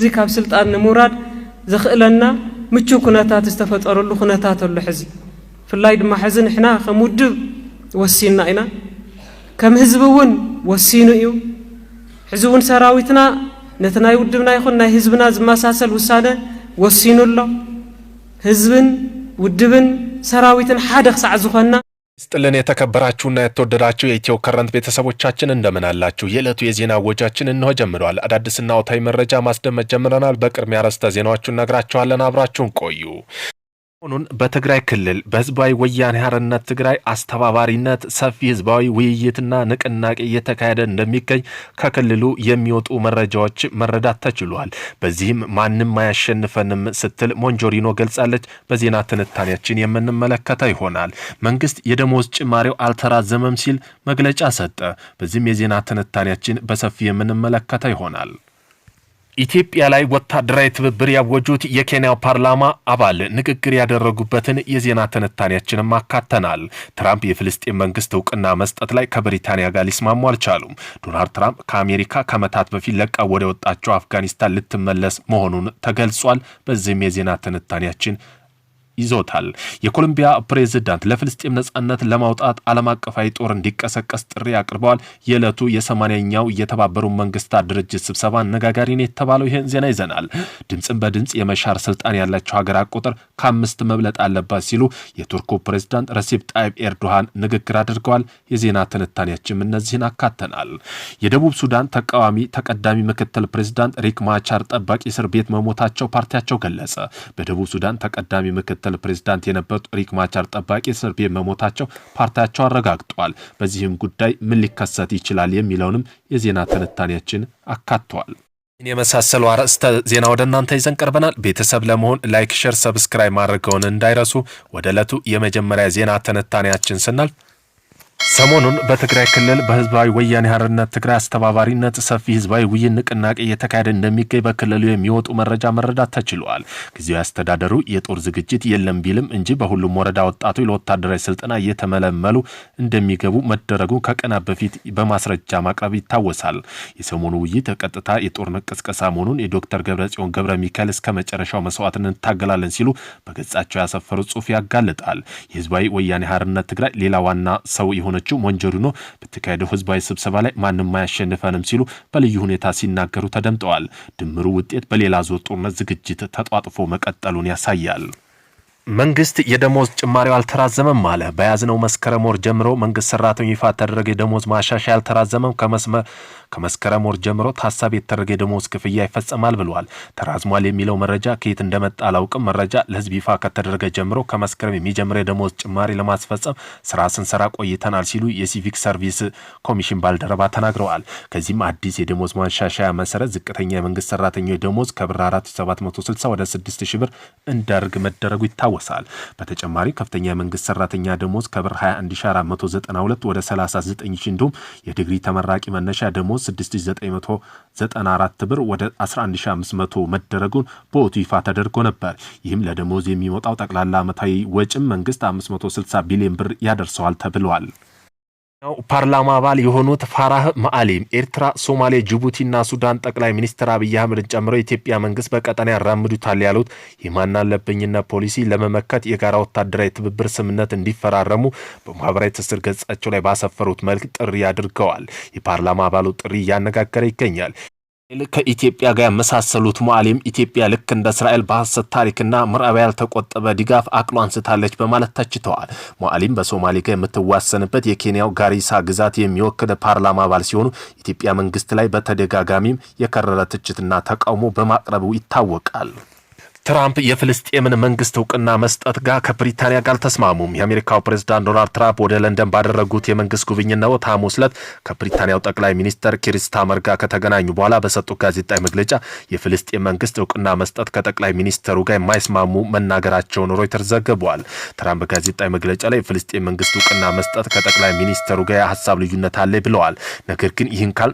እዚ ካብ ስልጣን ንምውራድ ዘኽእለና ምቹ ኩነታት ዝተፈጠረሉ ኩነታት ኣሎ ሕዚ ብፍላይ ድማ ሕዚ ንሕና ከም ውድብ ወሲና ኢና ከም ህዝቢ እውን ወሲኑ እዩ ሕዚ እውን ሰራዊትና ነቲ ናይ ውድብና ይኹን ናይ ህዝብና ዝመሳሰል ውሳነ ወሲኑ ኣሎ ህዝብን ውድብን ሰራዊትን ሓደ ክሳዕ ዝኾና ስጥልን የተከበራችሁና የተወደዳችሁ የኢትዮ ከረንት ቤተሰቦቻችን እንደምን አላችሁ? የዕለቱ የዜና ወጃችን እንሆ ጀምረዋል። አዳዲስና ወቅታዊ መረጃ ማስደመጥ ጀምረናል። በቅድሚያ ርዕሰ ዜናዎቹን ነግራችኋለን። አብራችሁን ቆዩ። ሰሞኑን በትግራይ ክልል በህዝባዊ ወያኔ ሓርነት ትግራይ አስተባባሪነት ሰፊ ህዝባዊ ውይይትና ንቅናቄ እየተካሄደ እንደሚገኝ ከክልሉ የሚወጡ መረጃዎች መረዳት ተችሏል። በዚህም ማንም አያሸንፈንም ስትል ሞንጆሪኖ ገልጻለች። በዜና ትንታኔያችን የምንመለከተው ይሆናል። መንግስት የደሞዝ ጭማሪው አልተራዘመም ሲል መግለጫ ሰጠ። በዚህም የዜና ትንታኔያችን በሰፊ የምንመለከተው ይሆናል። ኢትዮጵያ ላይ ወታደራዊ ትብብር ያወጁት የኬንያው ፓርላማ አባል ንግግር ያደረጉበትን የዜና ትንታኔያችንም አካተናል። ትራምፕ የፍልስጤን መንግስት እውቅና መስጠት ላይ ከብሪታንያ ጋር ሊስማሙ አልቻሉም። ዶናልድ ትራምፕ ከአሜሪካ ከመታት በፊት ለቃ ወደ ወጣቸው አፍጋኒስታን ልትመለስ መሆኑን ተገልጿል። በዚህም የዜና ትንታኔያችን ይዞታል። የኮሎምቢያ ፕሬዝዳንት ለፍልስጤም ነጻነት ለማውጣት ዓለም አቀፋዊ ጦር እንዲቀሰቀስ ጥሪ አቅርበዋል። የዕለቱ የሰማንያኛው የተባበሩ መንግስታት ድርጅት ስብሰባ አነጋጋሪ ነው የተባለው ይህን ዜና ይዘናል። ድምፅን በድምፅ የመሻር ስልጣን ያላቸው ሀገራት ቁጥር ከአምስት መብለጥ አለባት ሲሉ የቱርኩ ፕሬዝዳንት ረሲብ ጣይብ ኤርዶሃን ንግግር አድርገዋል። የዜና ትንታኔያችንም እነዚህን አካተናል። የደቡብ ሱዳን ተቃዋሚ ተቀዳሚ ምክትል ፕሬዝዳንት ሪክ ማቻር ጠባቂ እስር ቤት መሞታቸው ፓርቲያቸው ገለጸ። በደቡብ ሱዳን ተቀዳሚ ምክትል ምክትል ፕሬዚዳንት የነበሩት ሪክ ማቻር ጠባቂ ሰርቤ መሞታቸው ፓርቲያቸው አረጋግጠዋል። በዚህም ጉዳይ ምን ሊከሰት ይችላል የሚለውንም የዜና ትንታኔያችን አካተዋል። የመሳሰሉ አርዕስተ ዜና ወደ እናንተ ይዘን ቀርበናል። ቤተሰብ ለመሆን ላይክ፣ ሸር፣ ሰብስክራይብ ማድረገውን እንዳይረሱ። ወደ ዕለቱ የመጀመሪያ ዜና ትንታኔያችን ስናልፍ ሰሞኑን በትግራይ ክልል በህዝባዊ ወያኔ ሀርነት ትግራይ አስተባባሪነት ሰፊ ህዝባዊ ውይይት ንቅናቄ እየተካሄደ እንደሚገኝ በክልሉ የሚወጡ መረጃ መረዳት ተችሏል። ጊዜያዊ አስተዳደሩ የጦር ዝግጅት የለም ቢልም እንጂ በሁሉም ወረዳ ወጣቶች ለወታደራዊ ስልጠና እየተመለመሉ እንደሚገቡ መደረጉን ከቀናት በፊት በማስረጃ ማቅረብ ይታወሳል። የሰሞኑ ውይይት ቀጥታ የጦር ቅስቀሳ መሆኑን የዶክተር ገብረጽዮን ገብረ ሚካኤል እስከ መጨረሻው መስዋዕትን እንታገላለን ሲሉ በገጻቸው ያሰፈሩ ጽሑፍ ያጋልጣል። የህዝባዊ ወያኔ ሀርነት ትግራይ ሌላ ዋና ሰው ይሆ ወንጀሉ ነው። በተካሄደው ህዝባዊ ስብሰባ ላይ ማንም አያሸንፈንም ሲሉ በልዩ ሁኔታ ሲናገሩ ተደምጠዋል። ድምሩ ውጤት በሌላ ዞር ጦርነት ዝግጅት ተጧጥፎ መቀጠሉን ያሳያል። መንግስት የደሞዝ ጭማሪው አልተራዘመም አለ። በያዝነው መስከረም ወር ጀምሮ መንግስት ሰራተኛ ይፋ ተደረገ የደሞዝ ማሻሻያ አልተራዘመም ከመስከረም ወር ጀምሮ ታሳቢ የተደረገ የደሞዝ ክፍያ ይፈጸማል ብለዋል። ተራዝሟል የሚለው መረጃ ከየት እንደመጣ አላውቅም። መረጃ ለህዝብ ይፋ ከተደረገ ጀምሮ ከመስከረም የሚጀምረው የደሞዝ ጭማሪ ለማስፈጸም ስራ ስንሰራ ቆይተናል ሲሉ የሲቪክ ሰርቪስ ኮሚሽን ባልደረባ ተናግረዋል። ከዚህም አዲስ የደሞዝ ማሻሻያ መሰረት ዝቅተኛ የመንግስት ሰራተኛ ደሞዝ ከብር 4760 ወደ 6000 ብር እንዳርግ መደረጉ ይታወቃል። ይታወሳል። በተጨማሪ ከፍተኛ የመንግስት ሰራተኛ ደሞዝ ከብር 21492 ወደ 39000 እንዲሁም የዲግሪ ተመራቂ መነሻ ደሞዝ 6994 ብር ወደ 11500 መደረጉን በወቱ ይፋ ተደርጎ ነበር። ይህም ለደሞዝ የሚወጣው ጠቅላላ ዓመታዊ ወጪም መንግስት 560 ቢሊዮን ብር ያደርሰዋል ተብሏል። ፓርላማ አባል የሆኑት ፋራህ ማአሊም ኤርትራ፣ ሶማሌ፣ ጅቡቲና ሱዳን ጠቅላይ ሚኒስትር አብይ አህመድን ጨምሮ የኢትዮጵያ መንግስት በቀጠና ያራምዱታል ያሉት የማናለብኝነት ፖሊሲ ለመመከት የጋራ ወታደራዊ ትብብር ስምምነት እንዲፈራረሙ በማህበራዊ ትስስር ገጻቸው ላይ ባሰፈሩት መልክ ጥሪ አድርገዋል። የፓርላማ አባሉ ጥሪ እያነጋገረ ይገኛል። ከኢትዮጵያ ጋር ያመሳሰሉት ሙአሊም ኢትዮጵያ ልክ እንደ እስራኤል በሐሰት ታሪክና ምዕራብ ያልተቆጠበ ድጋፍ አቅሎ አንስታለች በማለት ተችተዋል። ሙአሊም በሶማሌ ጋር የምትዋሰንበት የኬንያው ጋሪሳ ግዛት የሚወክል ፓርላማ አባል ሲሆኑ ኢትዮጵያ መንግስት ላይ በተደጋጋሚም የከረረ ትችትና ተቃውሞ በማቅረቡ ይታወቃል። ትራምፕ የፍልስጤምን መንግስት እውቅና መስጠት ጋር ከብሪታንያ ጋር አልተስማሙም። የአሜሪካው ፕሬዝዳንት ዶናልድ ትራምፕ ወደ ለንደን ባደረጉት የመንግስት ጉብኝነት ሐሙስ ዕለት ከብሪታንያው ጠቅላይ ሚኒስትር ኪር ጋር ከተገናኙ በኋላ በሰጡት ጋዜጣዊ መግለጫ የፍልስጤን መንግስት እውቅና መስጠት ከጠቅላይ ሚኒስትሩ ጋር የማይስማሙ መናገራቸውን ሮይተርስ ዘግቧል። ትራምፕ ጋዜጣዊ መግለጫ ላይ የፍልስጤን መንግስት እውቅና መስጠት ከጠቅላይ ሚኒስተሩ ጋር የሀሳብ ልዩነት አለ ብለዋል። ነገር ግን ይህን ካል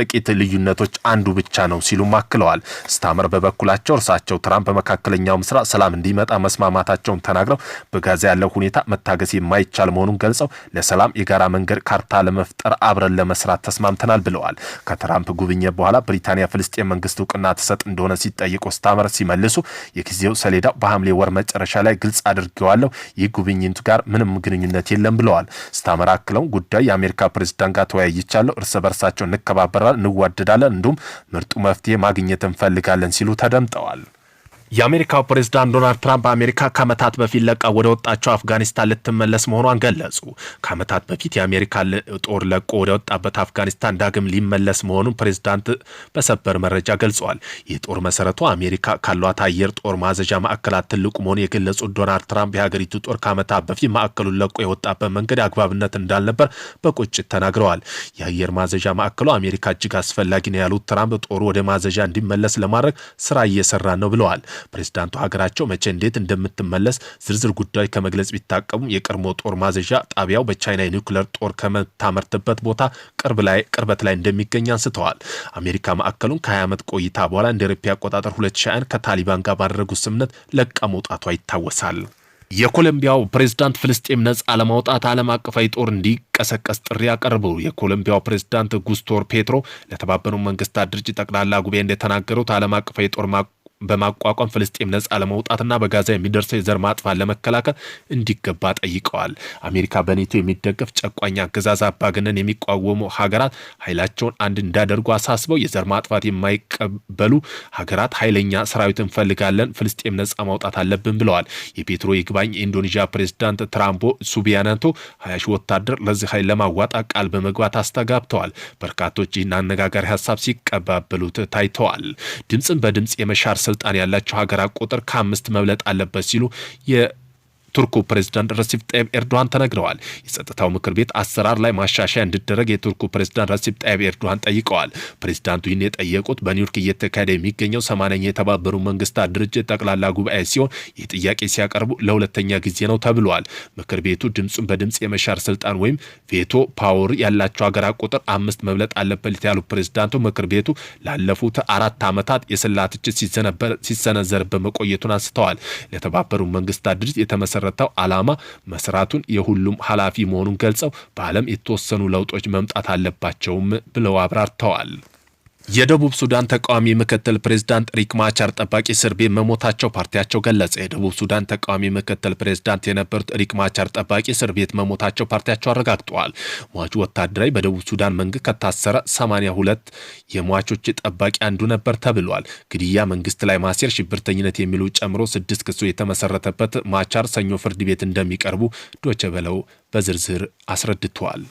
ጥቂት ልዩነቶች አንዱ ብቻ ነው ሲሉም አክለዋል። ስታመር በበኩላቸው እርሳቸው ትራምፕ በመካከለኛው ምስራቅ ሰላም እንዲመጣ መስማማታቸውን ተናግረው በጋዛ ያለው ሁኔታ መታገስ የማይቻል መሆኑን ገልጸው ለሰላም የጋራ መንገድ ካርታ ለመፍጠር አብረን ለመስራት ተስማምተናል ብለዋል። ከትራምፕ ጉብኝት በኋላ ብሪታንያ ፍልስጤን መንግስት እውቅና ትሰጥ እንደሆነ ሲጠይቁ ስታመር ሲመልሱ የጊዜው ሰሌዳው በሐምሌ ወር መጨረሻ ላይ ግልጽ አድርጌዋለሁ፣ ይህ ጉብኝቱ ጋር ምንም ግንኙነት የለም ብለዋል። ስታመር አክለውም ጉዳዩ የአሜሪካ ፕሬዝዳንት ጋር ተወያይቻለሁ፣ እርስ በርሳቸው እንከባበራል እንዋደዳለን፣ እንዲሁም ምርጡ መፍትሄ ማግኘት እንፈልጋለን ሲሉ ተደምጠዋል። የአሜሪካው ፕሬዝዳንት ዶናልድ ትራምፕ አሜሪካ ከዓመታት በፊት ለቃ ወደ ወጣቸው አፍጋኒስታን ልትመለስ መሆኗን ገለጹ። ከዓመታት በፊት የአሜሪካ ጦር ለቆ ወደ ወጣበት አፍጋኒስታን ዳግም ሊመለስ መሆኑን ፕሬዝዳንት በሰበር መረጃ ገልጸዋል። ይህ ጦር መሰረቱ አሜሪካ ካሏት አየር ጦር ማዘዣ ማዕከላት ትልቁ መሆኑ የገለጹት ዶናልድ ትራምፕ የሀገሪቱ ጦር ከዓመታት በፊት ማዕከሉን ለቆ የወጣበት መንገድ አግባብነት እንዳልነበር በቁጭት ተናግረዋል። የአየር ማዘዣ ማዕከሉ አሜሪካ እጅግ አስፈላጊ ነው ያሉት ትራምፕ ጦሩ ወደ ማዘዣ እንዲመለስ ለማድረግ ስራ እየሰራ ነው ብለዋል። ፕሬዝዳንቱ ሀገራቸው መቼ እንዴት እንደምትመለስ ዝርዝር ጉዳይ ከመግለጽ ቢታቀሙ የቀድሞ ጦር ማዘዣ ጣቢያው በቻይና የኒውክለር ጦር ከምታመርትበት ቦታ ቅርበት ላይ እንደሚገኝ አንስተዋል። አሜሪካ ማዕከሉን ከ20 ዓመት ቆይታ በኋላ እንደ አውሮፓ አቆጣጠር 2021 ከታሊባን ጋር ባደረጉት ስምምነት ለቃ መውጣቷ ይታወሳል። የኮሎምቢያው ፕሬዝዳንት ፍልስጤም ነጻ ለማውጣት ዓለም አቀፋዊ ጦር እንዲቀሰቀስ ጥሪ አቀረቡ። የኮሎምቢያው ፕሬዝዳንት ጉስቶር ፔትሮ ለተባበሩ መንግስታት ድርጅት ጠቅላላ ጉባኤ እንደተናገሩት ዓለም አቀፋዊ ጦር በማቋቋም ፍልስጤም ነጻ ለመውጣትና በጋዛ የሚደርሰው የዘር ማጥፋት ለመከላከል እንዲገባ ጠይቀዋል። አሜሪካ በኔቶ የሚደገፍ ጨቋኝ አገዛዝ አባገነን የሚቋወሙ ሀገራት ኃይላቸውን አንድ እንዳደርጉ አሳስበው የዘር ማጥፋት የማይቀበሉ ሀገራት ኃይለኛ ሰራዊት እንፈልጋለን፣ ፍልስጤም ነጻ ማውጣት አለብን ብለዋል። የፔትሮ ይግባኝ የኢንዶኔዥያ ፕሬዝዳንት ትራምቦ ሱቢያንቶ ሀያ ሺህ ወታደር ለዚህ ኃይል ለማዋጣ ቃል በመግባት አስተጋብተዋል። በርካቶች ይህን አነጋጋሪ ሀሳብ ሲቀባበሉት ታይተዋል። ድምፅን በድምፅ የመሻር ስልጣን ያላቸው ሀገራት ቁጥር ከአምስት መብለጥ አለበት ሲሉ ቱርኩ ፕሬዝዳንት ረሲፕ ጣይብ ኤርዶሃን ተነግረዋል። የጸጥታው ምክር ቤት አሰራር ላይ ማሻሻያ እንዲደረግ የቱርኩ ፕሬዝዳንት ረሲፕ ጣይብ ኤርዶሃን ጠይቀዋል። ፕሬዚዳንቱ ይህን የጠየቁት በኒውዮርክ እየተካሄደ የሚገኘው ሰማንያኛ የተባበሩ መንግስታት ድርጅት ጠቅላላ ጉባኤ ሲሆን ይህ ጥያቄ ሲያቀርቡ ለሁለተኛ ጊዜ ነው ተብሏል። ምክር ቤቱ ድምፁን በድምፅ የመሻር ስልጣን ወይም ቬቶ ፓወር ያላቸው ሀገራት ቁጥር አምስት መብለጥ አለበት ያሉ ፕሬዚዳንቱ ምክር ቤቱ ላለፉት አራት ዓመታት የሰላ ትችት ሲሰነዘርበት መቆየቱን አንስተዋል። ለተባበሩ መንግስታት ድርጅት የተመሰ የተመሰረተው ዓላማ መስራቱን የሁሉም ኃላፊ መሆኑን ገልጸው በዓለም የተወሰኑ ለውጦች መምጣት አለባቸውም ብለው አብራርተዋል። የደቡብ ሱዳን ተቃዋሚ ምክትል ፕሬዝዳንት ሪክ ማቻር ጠባቂ እስር ቤት መሞታቸው ፓርቲያቸው ገለጸ። የደቡብ ሱዳን ተቃዋሚ ምክትል ፕሬዝዳንት የነበሩት ሪክ ማቻር ጠባቂ እስር ቤት መሞታቸው ፓርቲያቸው አረጋግጠዋል። ሟቹ ወታደራዊ በደቡብ ሱዳን መንግስት ከታሰረ 82 የሟቾች ጠባቂ አንዱ ነበር ተብሏል። ግድያ፣ መንግስት ላይ ማሴር፣ ሽብርተኝነት የሚሉ ጨምሮ ስድስት ክሱ የተመሰረተበት ማቻር ሰኞ ፍርድ ቤት እንደሚቀርቡ ዶቸ በለው በዝርዝር አስረድተዋል።